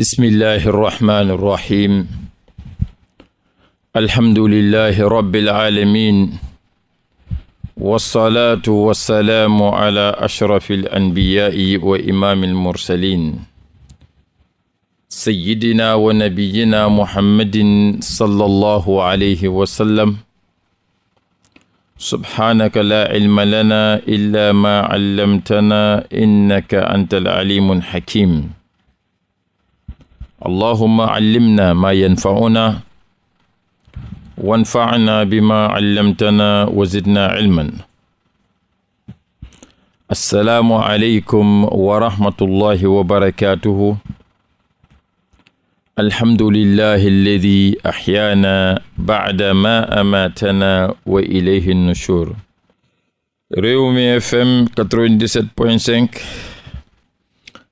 bismillahi irrahmani irrahim alhamdulilahi rabiilalamin walsalaatu walsalaamu ala ashrafi alanbiyaai wa imaami almursalin sayidina wa nabiyina muhammadin sala allahu alayhi wasallam subhaanaka laa cilma lanaa illa maa callamtanaa innaka anta alcalimu alxakim allahuma callimna maa yanfacunaa wanfacnaa bimaa callamtanaa wa zidnaa cilman assalaamu aleykum wa rahmatullahi wa barakaatuhu alhamdulillahi alladi axyaana bacda maa amaatanaa wa ilayhi nushur Rewmi FM 97.5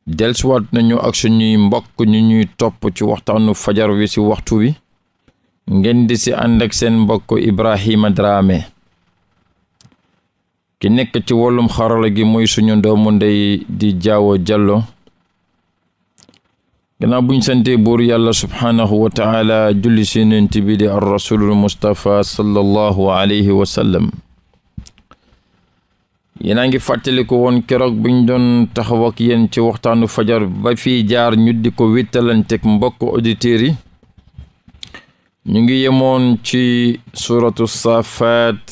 delsiwaat nañu ak suñuy mbokk ñu ñuy topp ci waxtaanu fajar wi ci waxtu wi ngeen di ci ànd ak seen mbokk Ibrahima Dramé ki nekk ci wàllum xarala gi muy suñu doomu ndey di jaawo jallo gannaaw buñ sante buur yàlla subhaanahu wa taala julli sinent bi di ar rasulul mustapha sallallahu alayhi wa yéen a ngi fàttaliku woon keroog bi ñu doon taxaw ak yéen ci waxtaanu fajar ba fii jaar ñu di ko wittalanteeg mbokk auditeurs yi ñu ngi yemoon ci suratu saafaat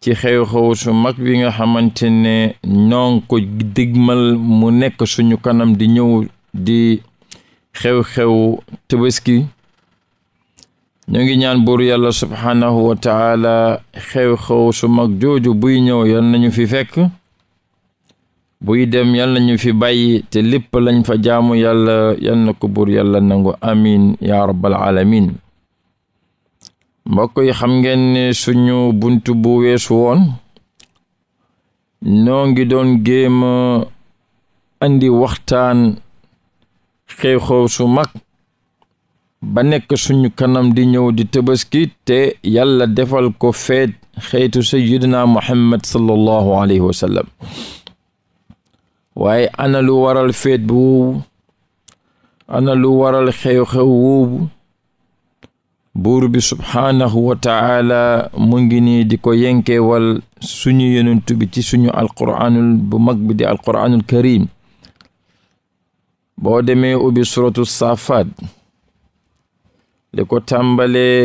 ci xew-xew su mag wi nga xamante ne ñoo ko digmal mu nekk suñu kanam di ñëw di xew-xew tabaski ñu ngi ñaan buur yàlla subhaanahu wa taala xew-xew su mag jooju buy ñëw yal nañu fi fekk buy dem yal nañu fi bàyyi te lépp lañ fa jaamu yàlla yal ko buur yàlla nangu amin ya rabbal alamin mbokk xam ngeen ne suñu buntu bu weesu woon ñoo ngi doon géema andi waxtaan xew-xew su mag ba nekk suñu kanam di ñëw di tabaski te yàlla defal ko feet xeetu sayyidina muhammad sallallahu alayhi wa waaye ana lu waral feet bi woowu ana waral xew-xew woowu buur bi subhaanahu wa taala mu ngi nii di ko yenkeewal suñu yonent bi ci suñu alquraanul bu mag bi di alquraanul karim boo demee ubbi suratu saafaat li ko tàmbalee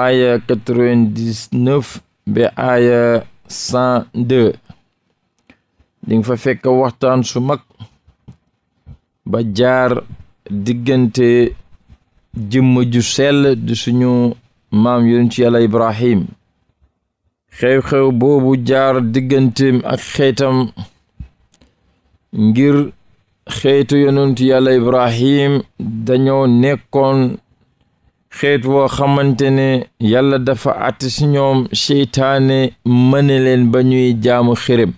aaya 99 ba aaya 102 di nga fa fekk waxtaan su mag ba jaar diggante jëmm ju sell di suñu maam yonent yàlla Ibrahim xew-xew boobu jaar digganteem ak xeetam ngir xeetu yonent yàlla ibrahim dañoo nekkoon xeet woo xamante ne yàlla dafa àtt ñoom seytaane mëne leen ba ñuy jaamu xërëm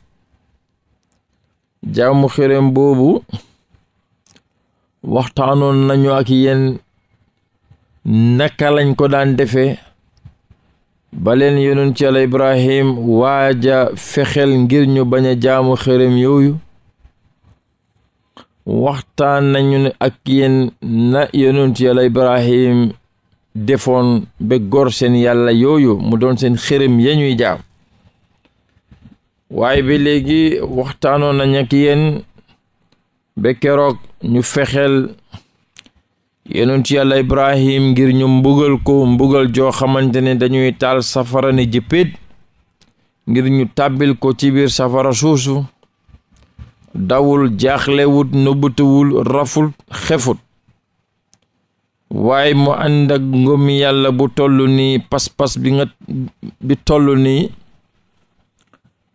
jaamu xërëm boobu waxtaanoon nañu ak yen naka lañ ko daan defee baleen leen yonent yàlla ibrahim waaja fexel ngir ñu bañ a jaamu xërëm yooyu waxtaan nañu ne ak yéen na yonent yàlla ibrahim defoon ba gor seen yàlla yooyu mu doon seen xërëm ya ñuy jaam waaye ba léegi waxtaanoon nañ ak yéen ba keroog ñu fexeel yonent yàlla ibrahim ngir ñu mbugal ko mbugal joo xamante ne dañuy taal safara ne jëppéet ngir ñu tàbbil ko ci biir safara suusu dawul jaaxlewut nëbbatuwul raful xefut waaye mu ànd ak ngëm yàlla bu toll nii pas-pas bi nga bi toll nii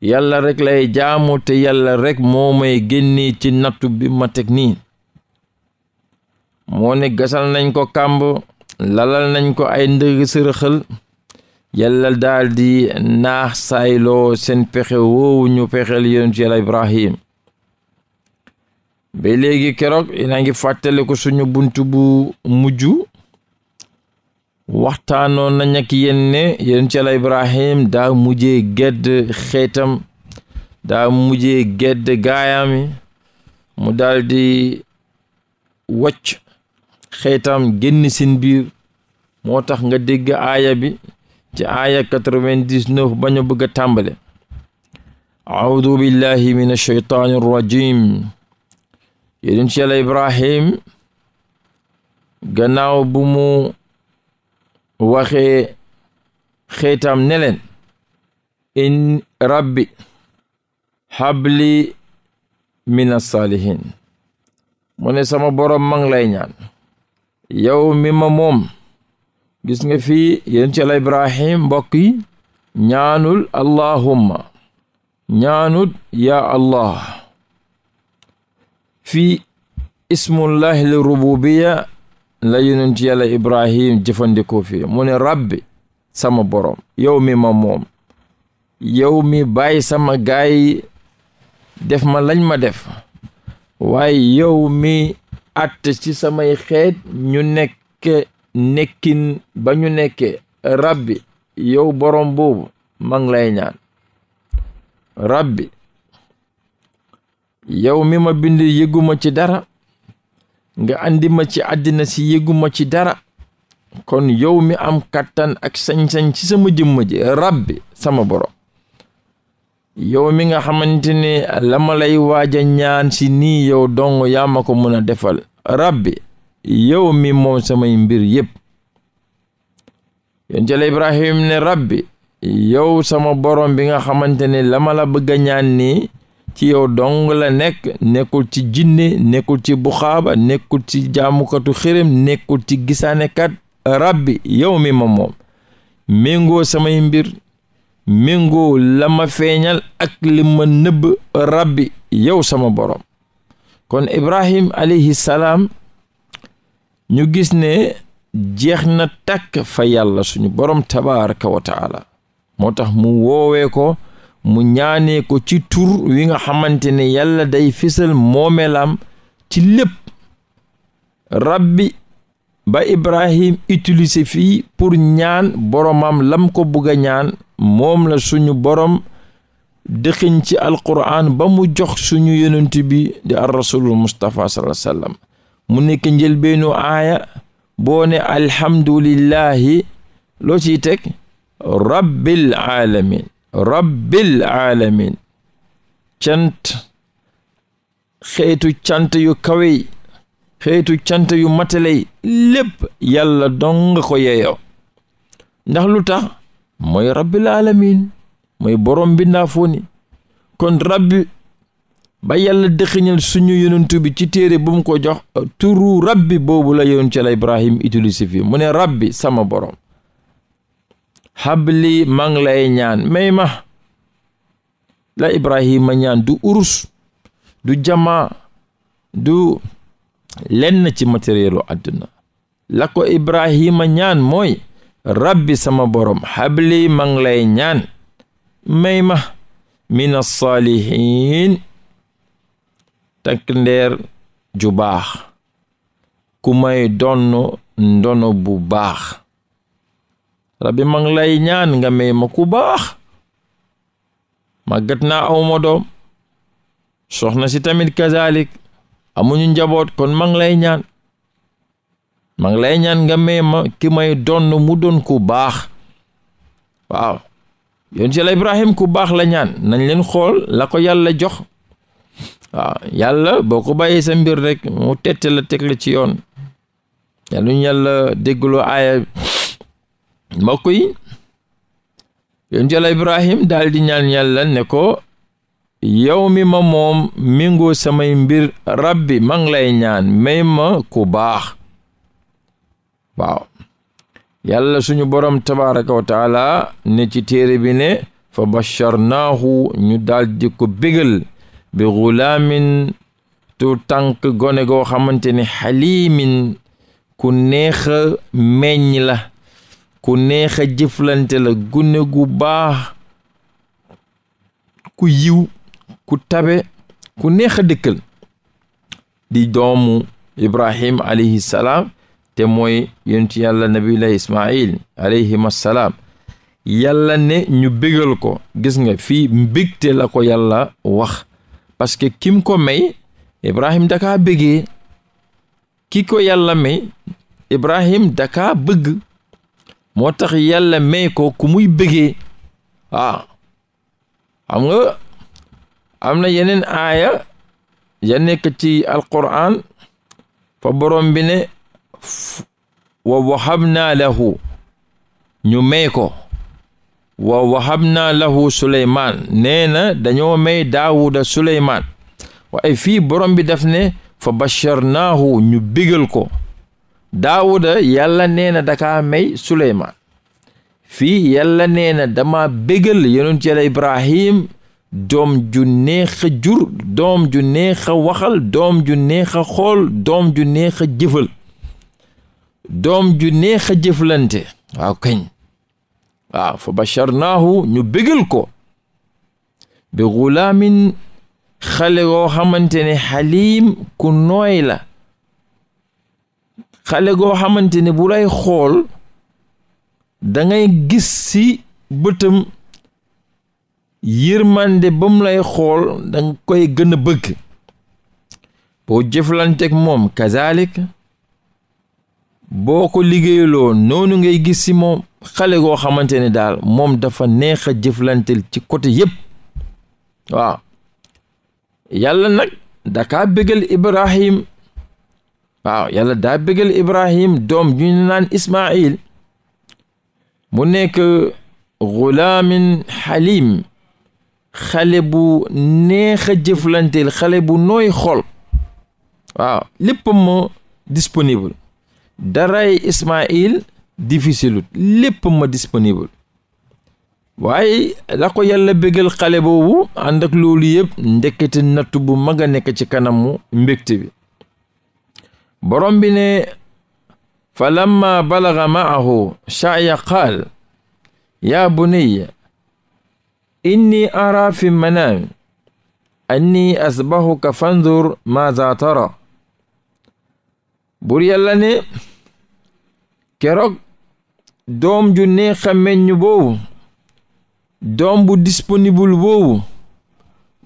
yàlla rekk lay jaamu te yàlla rekk moo may génne ci nattu bi ma teg nii moo ne gasal nañ ko kàmb lalal nañ ko ay ndëgg yàlla daal naax saayloo seen pexe woowu ñu pexeel yonent yàlla Ibrahim ba léegi keroog ina ngi ko suñu bunt bu mujj waxtaanoo nañ ak yéen ne yéen ci Ibrahim daa mujjee gedd xeetam daa mujjee gedd gaayami mu daldi wacc xeetam génn seen moo tax nga dégg aaya bi ci aaya quatre-vingt-dix-neuf ba bëgg tàmbale min alsheytaani arrajim yonent ci yàlla ibrahim gannaaw bu mu waxee xeetam ne leen in rabbi habli mina saalihin mu sama borom mang lay ñaan yow mi ma moom gis nga fii yonent ci yàlla ibrahim mbokk yi ñaanul allahumma ñaanut yaa allah fii ismullahi l rububiya la yonent yàlla ibrahim jëfandikoo fii mu ne rabbi sama borom yow mi ma moom yow mi bàyyi sama gaay def ma lañ ma def waaye yow mi att ci samay xeet ñu nekk nekkin ba ñu nekke rabbi yow borom boobu ma lay ñaan rabbi yow mi ma bind yëguma ci dara nga andi ma ci àddina si yëguma ci dara kon yow mi am kattan ak sañ-sañ ci sama jëmm ji rabbi sama borom yow mi nga xamante ne la ma lay waaj a ñaan si nii yow dong yaa ma ko mën a defal rabbi yow mi moom samay mbir yépp yoncele Ibrahim ne rabbi yow sama borom bi nga xamante ne la bëgg ñaan nii ci yow dong la nekk nekkul ci jinne nekkul ci buxaaba nekkul ci jaamukatu xërëm nekkul ci gisaanekat rabbi yow mi ma moom méngoo samay mbir méngoo la ma feeñal ak li ma nëbb rabbi yow sama borom kon ibrahim alayhi salaam ñu gis ne jeex na takk fa yàlla suñu borom tabaraka wa moo tax mu woowee ko mu ñaanee ko ci tur wi nga xamante ne yàlla day fisal moomelam ci lépp rabbi ba ibrahim utilise fii pour ñaan boromam lam ko bugg a ñaan moom la suñu borom dëxiñ ci alquran ba mu jox suñu yonent bi di ar rasulul mustapha sallallahu alayhi wasallam mu nekk njëlbeenu aaya boo ne alhamdulillahi loo ciy teg rabbil alamin rabbil alamin cant xeetu cant yu kawe xeetu cant yu mataley lépp yàlla dong ko yeeyoo ndax lu tax mooy rabbil alamin mooy borom bi ndaafoo ni kon rabbi ba yàlla dëxiñal suñu yonentu bi ci téere bu mu ko jox turu rabbi boobu la yonentu yàlla ibrahim utilisé fi mu ne rabbi sama borom habli maa ñaan may ma la Ibrahima ñaan du urus du jamaa du lenn ci matérielu àdduna la ko Ibrahima ñaan mooy rabbi sama borom habli maa lay ñaan may ma min as takk nder ju baax ku may donn ndono bu baax rabbi ma ngi lay ñaan nga may ma ku baax màggat naa awma doom soxna si tamit kazalik amuñu njaboot kon ma lay ñaan ma lay ñaan nga may ma ki may doon mu doon ku baax waaw yoon ci la Ibrahim ku baax la ñaan nañ leen xool la ko yàlla jox waaw yàlla boo ko bàyyee sa mbir rek mu tette la teg la ci yoon yàlla ñu aaya mbokk yi yonent yàlla ibrahim daal ñaan yàlla ne ko yow mi ma moom mingoo samay mbir rabbi ma lay ñaan may ma ku baax waaw yàlla suñu borom tabaraka wa ne ci téere bi ne fa basharnaahu ñu daal di ko bégal bi gulaamin tu tànk gone goo xamante ne xaliimin ku neex a la ku neex jëflante la gune gu baax ku yiw ku tabe ku neex a di doomu ibrahim alayhi salaam te mooy yonentu yàlla nabiyullah ismail alayhim assalaam yàlla ne ñu bégal ko gis nga fii mbégte la ko yàlla wax parce que kim ko may ibrahim dakaa bégee ki ko yàlla may ibrahim daka bëgg moo tax yàlla may ko ku muy bëggee waaw ah. xam nga am na yeneen aaya ya nekk ci alquran fa borom bi ne wa wahabna lahu ñu may ko wa wahabna lahu suleymaan nee na dañoo may daawuda suleymaan waaye fii borom bi daf ne fa basharnaahu ñu bigal ko daawuda yàlla neena daka dakaa may suleymaan fii yàlla nee na dama bégal yonent yàlla ibrahim doom ju neex a jur doom ju neex a waxal doom ju neex xool doom ju neex a jëfal doom ju neex a jëflante waaw kañ waaw fa basharnaahu ñu bégal ko bi gulaamin xale woo xamante ne xaliim ku nooy la xale goo xamante ne bu lay xool dangay gis si bëtam yërmande ba mu lay xool danga koy gën a bëgg boo jëflanteeg moom kazalik boo ko liggéeyaloo noonu ngay gis ci moom xale goo xamante ne daal moom dafa neex a jëflanteel ci côté yépp waaw yàlla nag dakaa bégal Ibrahim waaw yàlla daa bëggal ibrahim doom ju ñu naan ismail mu nekk gulaamin xalim xale bu neex jëflanteel xale bu nooy xol waaw lépp ma disponible daray ismail difficile lépp ma disponible waaye la ko yàlla bégal xale boobu ànd ak loolu yëpp ndekkete nattu bu mag a nekk ci kanamu mbégte bi borom bi ne fa lamma balaga maahu sha'ya qaal yaa bunayya inni ara manaami anni asbahuka fanzur maaza tara bur yàlla ne keroog doom ju neex a boobu doom bu disponibul boobu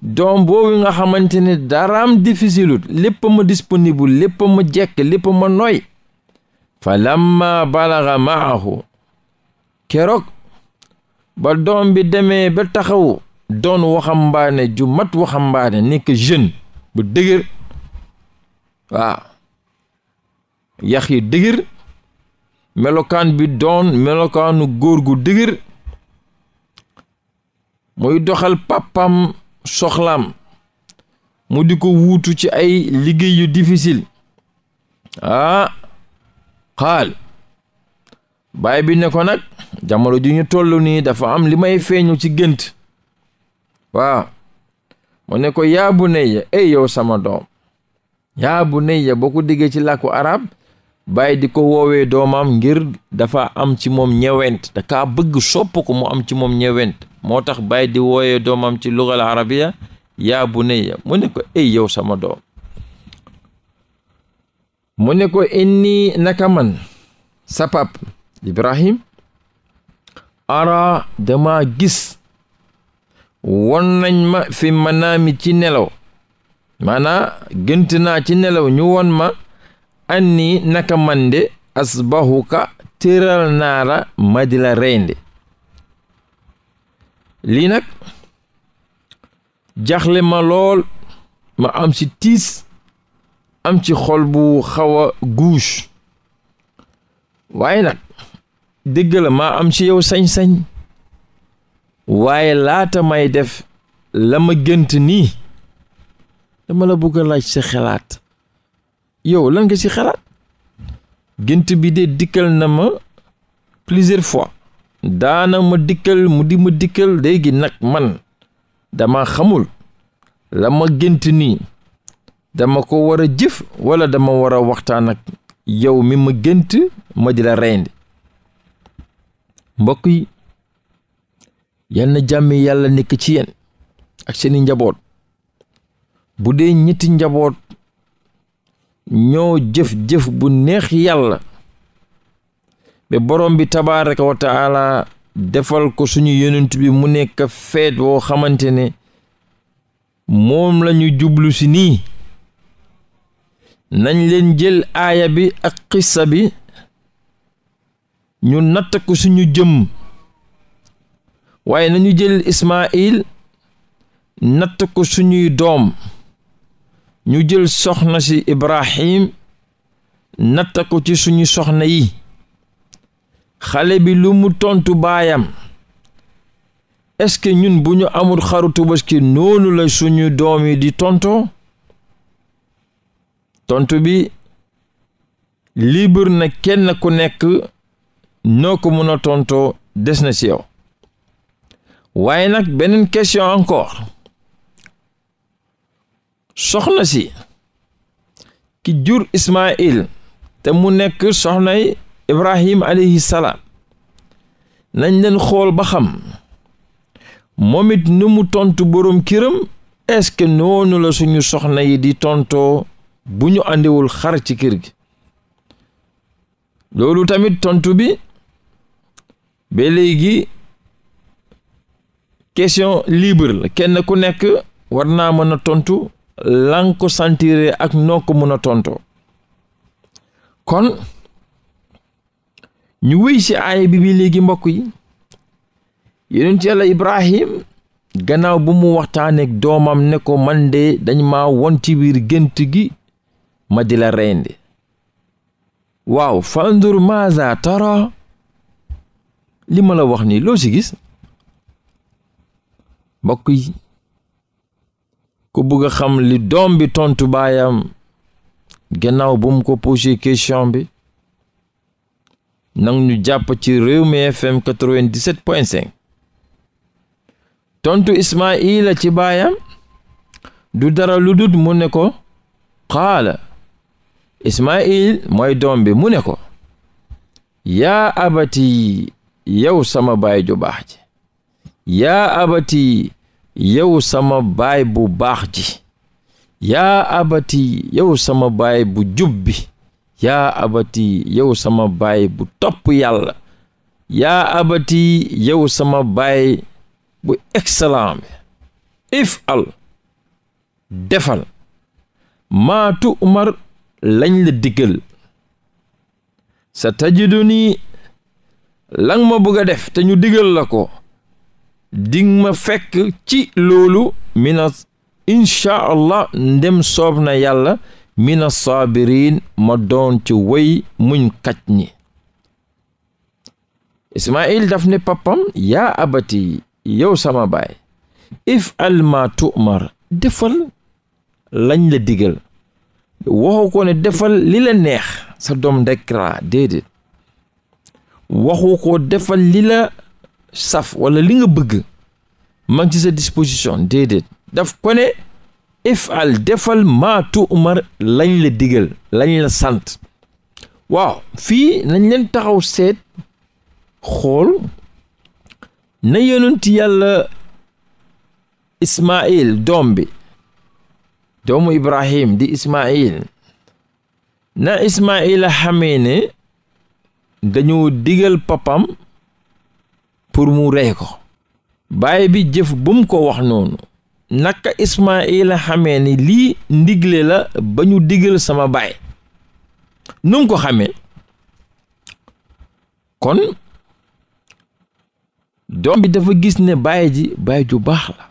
doom boobu nga xamante ne daraam difficile lépp ma disponible lépp ma jekk lépp ma noy fa lamma balaga maahu keroog ba doom bi demee ba taxaw doon waxambaane ju mat waxambaane nekk jeune bu dëgër waaw yax yi dëgër melokaan bi doon melokaanu góor gu dëgër muy doxal pàppam soxlaam mu di ko wuutu ci ay liggéey yu difficile ah xaal baay bi ne ko nag jamono ji ñu toll nii dafa am li may feeñu ci gént waaw mu ne ko yaa bu neyya ey yow sama doom yaa bu neyya boo ko déggee ci làkku arab baay di ko woowee doomam ngir dafa am ci moom ñewent da kaa bëgg sopp ko mu am ci moom ñewent moo tax baay di wooye doomam ci lugal arabiya yaa bu nayya mu ne ko ey yow sama doom mu ne ko inni naka man sapap pap ibrahim ara dama gis won nañ ma fi manaami ci nelaw maanaa gént naa ci nelaw ñu won ma anni naka man de asbahuka tëral naa la ma di la lii nag jaxle ma lool ma am ci tiis am ci xol bu xaw a guus waaye nag dëgg la maa am ci yow sañ-sañ waaye laata may def la ma gënt nii dama la bëgg a laaj sa xelaat yow lan nga ci xalaat gënt bi de dikkal na ma plusieurs fois daana ma dikkal mu di ma dikkal léegi nag man dama xamul la ma gént nii dama ko war a jëf walla dama war a waxtaan ak yow mi ma gént ma di la reyndi mbokk yi yenn jàmmi yàlla nekk ci yéen ak seeni njaboot bu dee ñetti njaboot ñoo jëf-jëf bu neex yàlla be borom bi tabaraka wa ta'ala defal ko suñu yonent bi mu nekk feet woo xamante ne moom lañu jublu ci nii nañ leen jël aaya bi ak xissa bi ñu natt ko suñu jëm waaye nañu jël Ismaayil natt ko suñuy doom ñu jël soxna si Ibrahim natt ko ci suñu soxna yi xale bi lu mu tontu baayam est-ce ñun bu ñu amul xaru tabaski noonu la suñu doom yi di tonto tontu bi libre na kenn ku nekk noo ko mën a tontoo des na ci yow waaye nag beneen question encore soxna si ki jur Ismaïl te mu nekk soxnay ibrahim alayhi salaam nañ leen xool ba xam moom it nu mu tontu boroom këram est noonu la suñu soxna yi di tontoo bu ñu àndiwul xar ci kër gi loolu tamit tontu bi ba léegi question libre la kenn ku nekk war naa mën a tontu lan ko sentire ak noo ko mën a tontoo kon ñu wéy si aaya bi bi léegi mbokk yi yonent yàlla ibrahim gannaaw bu mu waxtaaneek doomam ne ko man de dañ ma won ci biir gént gi ma di la reynde waaw fandur maasa tara li ma la wax nii loo si gis mbokk yi ku bëgg a xam li doom bi tontu baayam gannaaw bu mu ko posé question bi nang ñu jàpp ci réew mi fm 97.5 tontu ismaila ci baayam du dara lu dut mu ne ko xaala ismail mooy doom bi mu ne ko yaa abati yow sama baay ju baax ji yaa abati yow sama baay bu baax ji yaa abati yow sama baay bu jub bi yaa abati yow sama baay bu topp yàlla yaa abati yow sama baay bu excellent bi if al defal maatu umar lañ la diggal sa tajidu nii lang ma bëgg a def te ñu diggal la ko ding ma fekk ci loolu mina incha allah ndem soob na yàlla mina saabiriin ma doon ci woy muñ kaj ñi ismail daf ne pappam yaa abati yow sama baay if al ma tu'mar defal lañ la digal waxu ko ne defal li la neex sa doom ndekra déedéet waxu ko defal li la saf wala li nga bëgg mag ci sa disposition déedéet daf ko ne ifal defal maa tu umar lañ la digal lañ sant waaw fii nañ leen taxaw seet xool na yonent yàlla ismail doom bi doomu ibrahim di ismail na ismail a xamee ne dañoo digal papam pour mu rey ko baay bi jëf bum ko wax noonu naka Ismaayila xamee ni lii ndigle la ba ñu digal sama baay nu mu ko xamee kon doom bi dafa gis ne baay ji baay ju baax la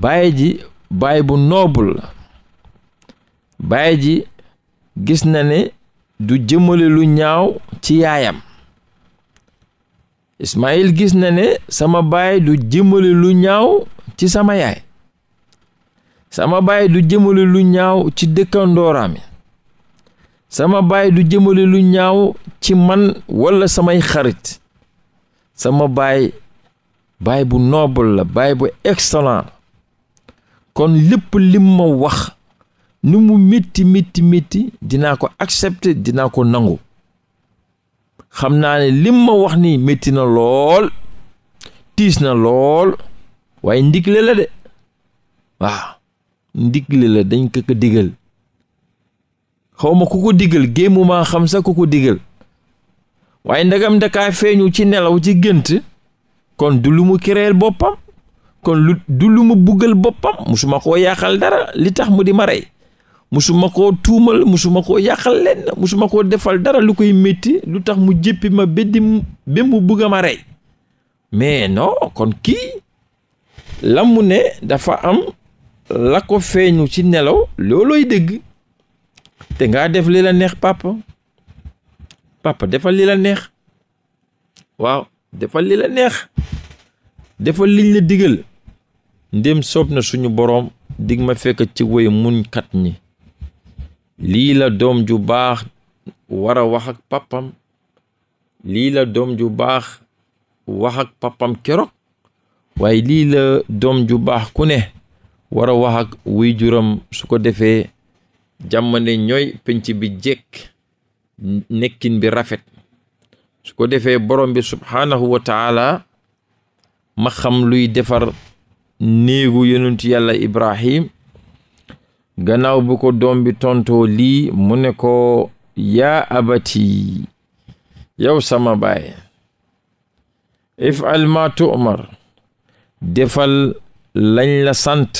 baay ji baay bu noble la baay ji gis na ne du jëmale lu ñaaw ci yaayam Ismaayil gis na ne sama baay du jëmale lu ñaaw ci sama yaay sama baay du jëmale lu ñaaw ci dëkkandooraami sama baay du jëmale lu ñaaw ci man walla samay xarit sama baay baay bu noble la baay bu excellent kon lépp lim ma wax nu mu métti métti métti dinaa ko accepter dina ko nangu xam naa ne lim ma wax ni metti na lool tiis na lool waaye ndigle la de waaw ndigle la dañ ko ko digal xawma ku ko diggal géemu xam sa ku ko digal waaye ndegam dakaa feeñu ci nelaw ci gënt kon du lu mu créer boppam kon lu du lu mu buggal boppam musuma koo yàqal dara li tax mu di ma rey musuma koo tuumal musuma koo yàqal lenn musuma koo defal dara lu koy metti lu tax mu jéppi ma beddi ba mu bugg a ma rey mais non kon kii la ne dafa am la ko feeñu ci nelaw loolooy dégg te ngaa def li la neex papa papa defal li la neex waaw defal li la neex defal liñ la digal ndem soob na suñu boroom digg ma fekk ci woy muñkat ñi lii la doom ju baax war a wax ak papam lii la doom ju baax wax ak papam keroog waaye lii la doom ju baax ku ne wara a wax ak wuy juram su ko defee jàmm ne ñooy penc bi jekk nekkin bi rafet su ko defee borom bi subhaanahu wa taala luy defar néegu yonentu yàlla ibrahim gannaaw bu ko doom bi tontoo lii mu ne ko yaa abati yow sama baay ifal ma tu'mar defal lañ la sant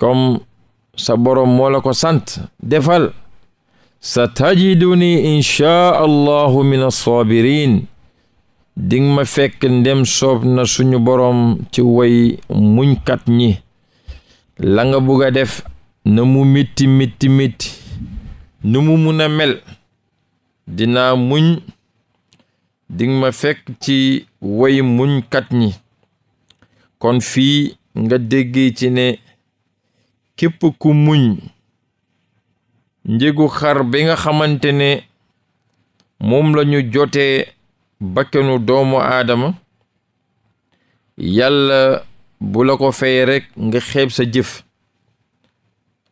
kom sa boroom moo ko sant defal sa tajiduni inchaa allahu min assaabiriin ding ma fekk ndem soob na suñu boroom ci way muñkat ñi la nga bugg a def na mu mitti mitti mitti mu mun a mel dinaa muñ ding ma fekk ci way muñkat ñi kon fii nga déggee ci ne képp ku muñ njëgu xar bi nga xamante ne moom lañu jotee bakkanu doomu aadama yàlla bu la ko fay rekk nga xeeb sa jëf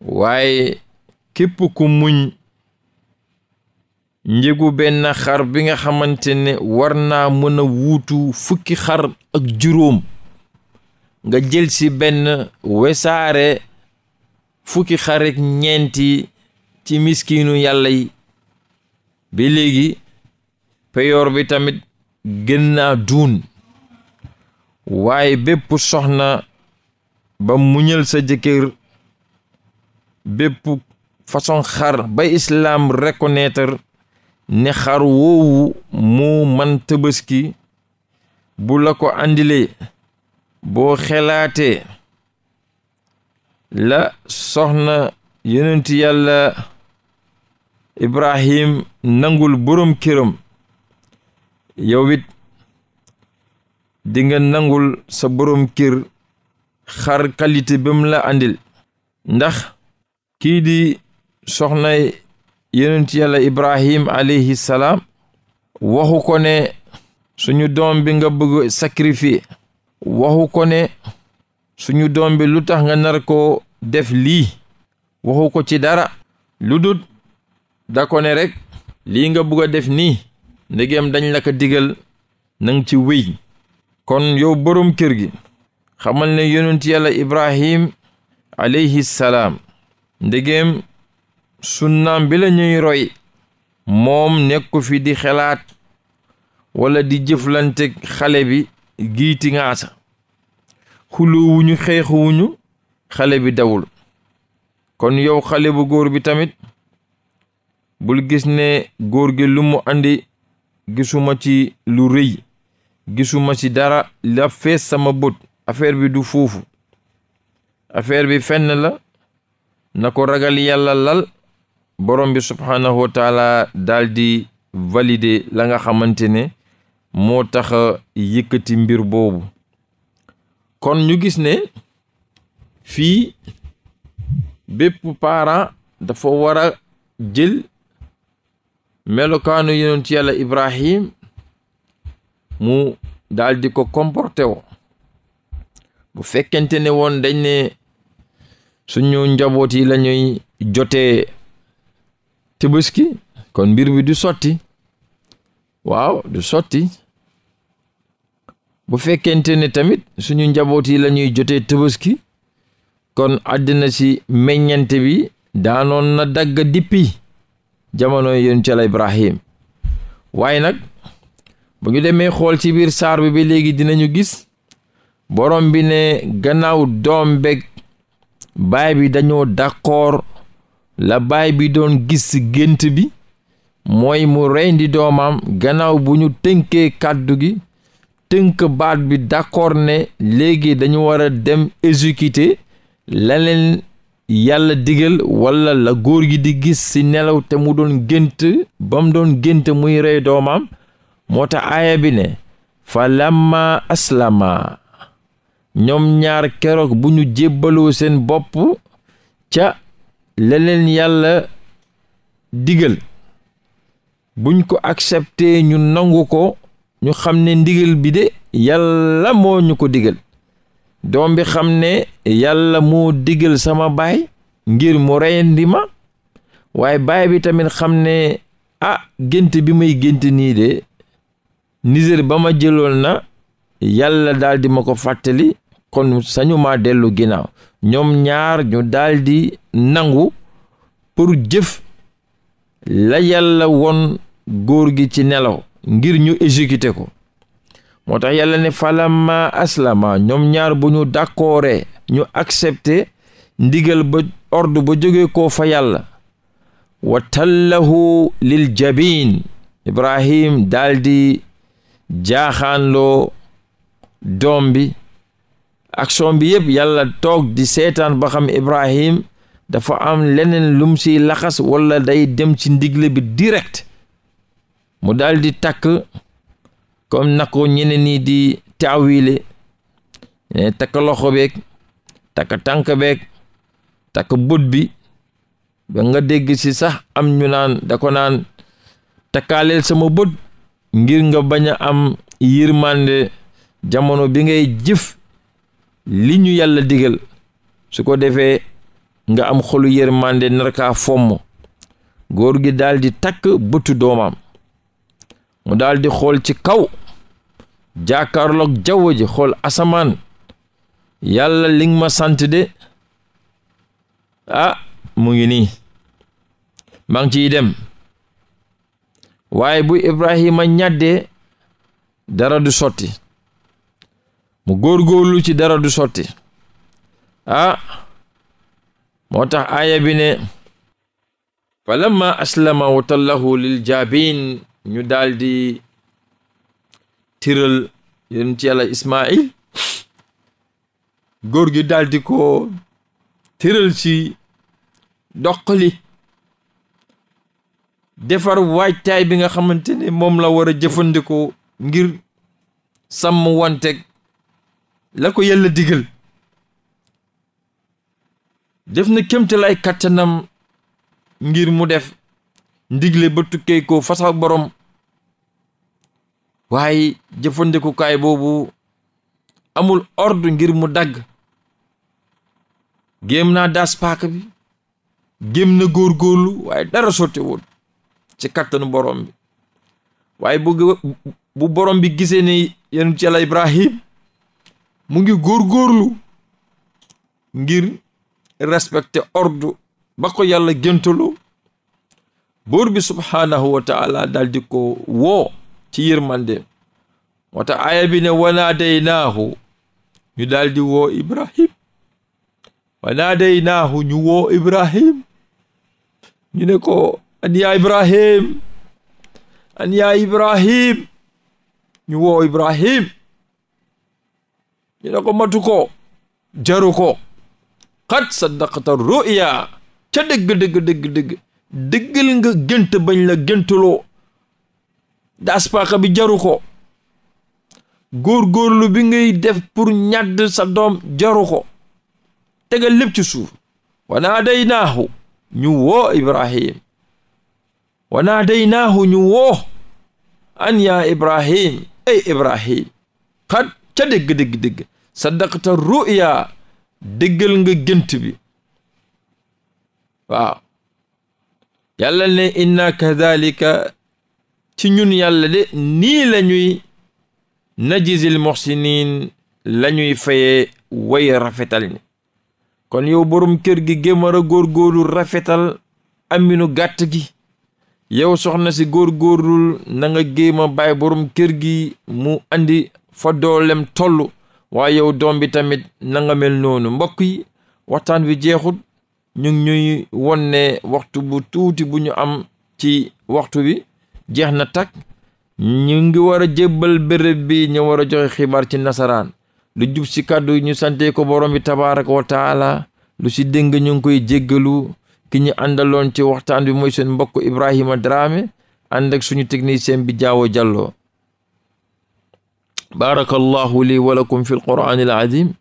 waaye képp ku muñ njëgu benn xar bi nga xamante ne war naa mën a wuutu fukki xar ak juróom nga jël ci benn wesaare fukki xarek ñeenti ci miskiinu yàlla yi bi léegi peyoor bi tamit gën naa duun waaye bépp soxna ba muñal sa jëkkër bépp façon xar ba islaam reconnaître ne xar woowu mu man tëbaski bu la ko andilee boo xelaatee la soxna yonenti yàlla ibrahim nangul borom këram yow it di nangul sa borom kër xar qualité bi la andil ndax kii di soxna yonent yàlla ibrahim alayhi salaam waxu ko ne suñu doom bi nga bëgg sacrifier waxu ko ne suñu doom bi lu tax nga nar koo def lii waxu ko ci dara lu dut da ko ne rek lii nga bugg a def nii ndegem dañ la ko digal nang ci wéy kon yow boroom kër gi xamal ne yonent yàlla ibrahim alayhi salaam ndegem sunnaam bi la roy moom nekku fi di xalaat wala di jëflante xale bi giiti ngaasa xuluwuñu xeexuwuñu xale bi dawul kon yow xale bu góor bi tamit bul gis ne góor gi lu mu andi gisuma ci lu rëy gisuma ci dara la fees sama bot affaire bi du fuufu affaire bi fenn la na ko ragal yàlla lal borom bi subhaanahu wa taala daal la nga xamante ne moo tax yëkkati mbir boobu kon ñu gis ne fii bépp parent dafa war a jël melokaanu yonent yàlla Ibrahim mu daldi ko comporté wo bu fekkente ne woon dañ ne suñu njaboot yi la ñuy jotee tabaski kon mbir bi du sotti waaw du sotti bu fekkente ne tamit suñu njaboot yi la jotee tabaski kon àddina si meññante bi daanoon na dagg dippi jamono yoon ci la Ibrahim waaye nag bu ñu demee xool ci biir saar bi ba léegi dinañu gis borom bi ne gannaaw doom beeg baay bi dañoo d'accord la baay bi doon gis gént bi mooy mu reyndi doomam gannaaw bu ñu tënkee kàddu gi tënk baat bi d'accord ne léegi dañu war a dem exécuter la leen yàlla digal walla la góor gi di gis si nelaw te mu doon gént ba mu doon gént muy rey doomam moo tax aaya bi ne fa lamma aslama ñoom ñaar keroog bu ñu jébbaloo seen bopp ca la leen yàlla digal buñ ko accepté ñu nangu ko ñu xam ne ndigal bi de yàlla moo ñu ko digal doom bi xam ne yàlla moo digal sama baay ngir mu reyendi ma waaye baay bi tamit xam ne a ah, gént bi may gént nii de nisér ba ma jëloon na yàlla daal ma ko fàttali kon sañu maa dellu ginaaw ñoom ñaar ñu daal nangu pour jëf la yàlla woon guur gi ci nelaw ngir ñu exécuté ko moo tax yàlla ne falama aslama ñoom ñaar bu ñu d'accoore ñu accepté ndigal ba ordre ba jóge ko fa yàlla wa tallahu lil jabin ibrahim daldi jaaxaanloo doom bi action bi yëpp yàlla toog di seetaan ba xam ibrahim dafa am leneen lum si laxas walla day dem ci ndigle bi direct mu daldi takk kom na ko ñeneen ñi di taawile ñene takk loxo beeg takk tànk beeg takk but bi ba nga dégg ci sax am ñu naan da ko naan takkaaleel sama bët ngir nga bañ a am yërmande jamono bi ngay jëf li ñu yàlla digal su ko defee nga am xolu yërmande narkaa fomm góor gi daldi takk bëtu doomam mu daldi xool ci kaw jàkkaarloog jaww ji xool asamaan yàlla ling ma sant de ah mu ngi nii maa ngi ciy dem waaye bu Ibrahima ñàddee dara du sotti mu góorgóorlu ci dara du sotti a ah, moo tax aaya bi ne falamma aslama watallahu lil jaabin ñu daldi di tiral yonent yàlla Ismaïl góor gi daldi ko tiral ci doqali defar waajtaay bi nga xamante ne moom la war a jëfandikoo ngir sàmm wante la ko yella digal def na kémtalaay kattanam ngir mu def ndigle ba tukkee ko fasax borom waaye jëfandikukaay boobu amul ordre ngir mu dagg géem naa daas paaka bi géem na góorgóorlu waaye dara sotti wul ci kattanu borom waaye bu bu borom bi gisee ne yonent Yàlla Ibrahim mu ngi góorgóorlu ngir respecter ordre ba ko yàlla géntalu buur bi subhaanahu wa taala ko woo ci yërmandeem moo tax aaya bi ne wanaadeynaahu ñu daldi woo Ibrahim wanaadeynaahu ñu woo Ibrahim ñu ne ko an yaa Ibrahim an yaa Ibrahim ñu woo Ibrahim ñu ne ko matu ko jaru ko xat saddaqta ru'ya ca dëgg dëgg dëgg dëgg dëggal nga gént bañ la géntaloo da aspaaka bi jaruko ko góorgóorlu bi ngay def pour ñàdd sa doom jaru ko tegal lépp ci suuf wa naadaynaahu ñu woo ibrahim wa naadaynaahu ñu woo an yaa ibrahim ay ibrahim xat ca dégg dégg dégg saddaqta ruya déggal nga gént bi waaw ci ñun yàlla de nii lañuy ñuy najizil muhsinin lañuy faye fayee way rafetal ni kon yow borom kër gi gémar góor góorgóorlu rafetal aminu gàtt gi yow soxna si góor na nanga géem a bàyyi borom kër gi mu andi fa doolem toll waaye yow doom bi tamit nanga mel noonu mbokk yi waxtaan wi jeexut ñu ngi ñuy won waxtu bu tuuti bu ñu am ci waxtu wi jeex na takk ñu ngi war a jébbal béréb bi ñu war a joxe xibaar ci nasaraan lu jub si kàddu ñu sante ko borom bi tabaaraka wa taala lu si dëng ñu ngi koy jéggalu ki ñu àndaloon ci waxtaan bi mooy seen mbokk Ibrahima Dramé ànd ak suñu technicien bi Jaawo Jallo barakallahu li wa lakum fi alqur'ani alazim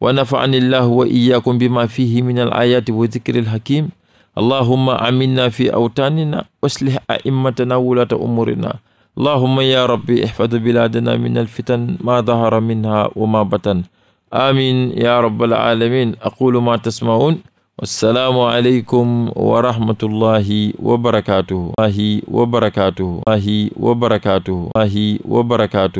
wa nafa'ani llahu wa iyyakum bima fihi min alayati wa dhikri alhakim allahumma aminna fi awtanina waslih a'immatana wulata umurina allahumma ya rabbi ihfad biladana min alfitan ma dahara minha wa ma batan amin ya rabbal alamin aqulu ma tasma'un wassalaamu aleykum wa rahmatullahi wa barakatuhu ahi wa barakatuhu ahi wa barakatuhu ahi wa barakatuhu